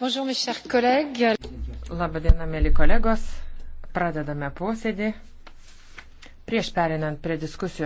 Bonjour, mes chers collègues. Labadiena, mėly kolegos. Pradedame posėdį. Prieš perinant prie diskusijos.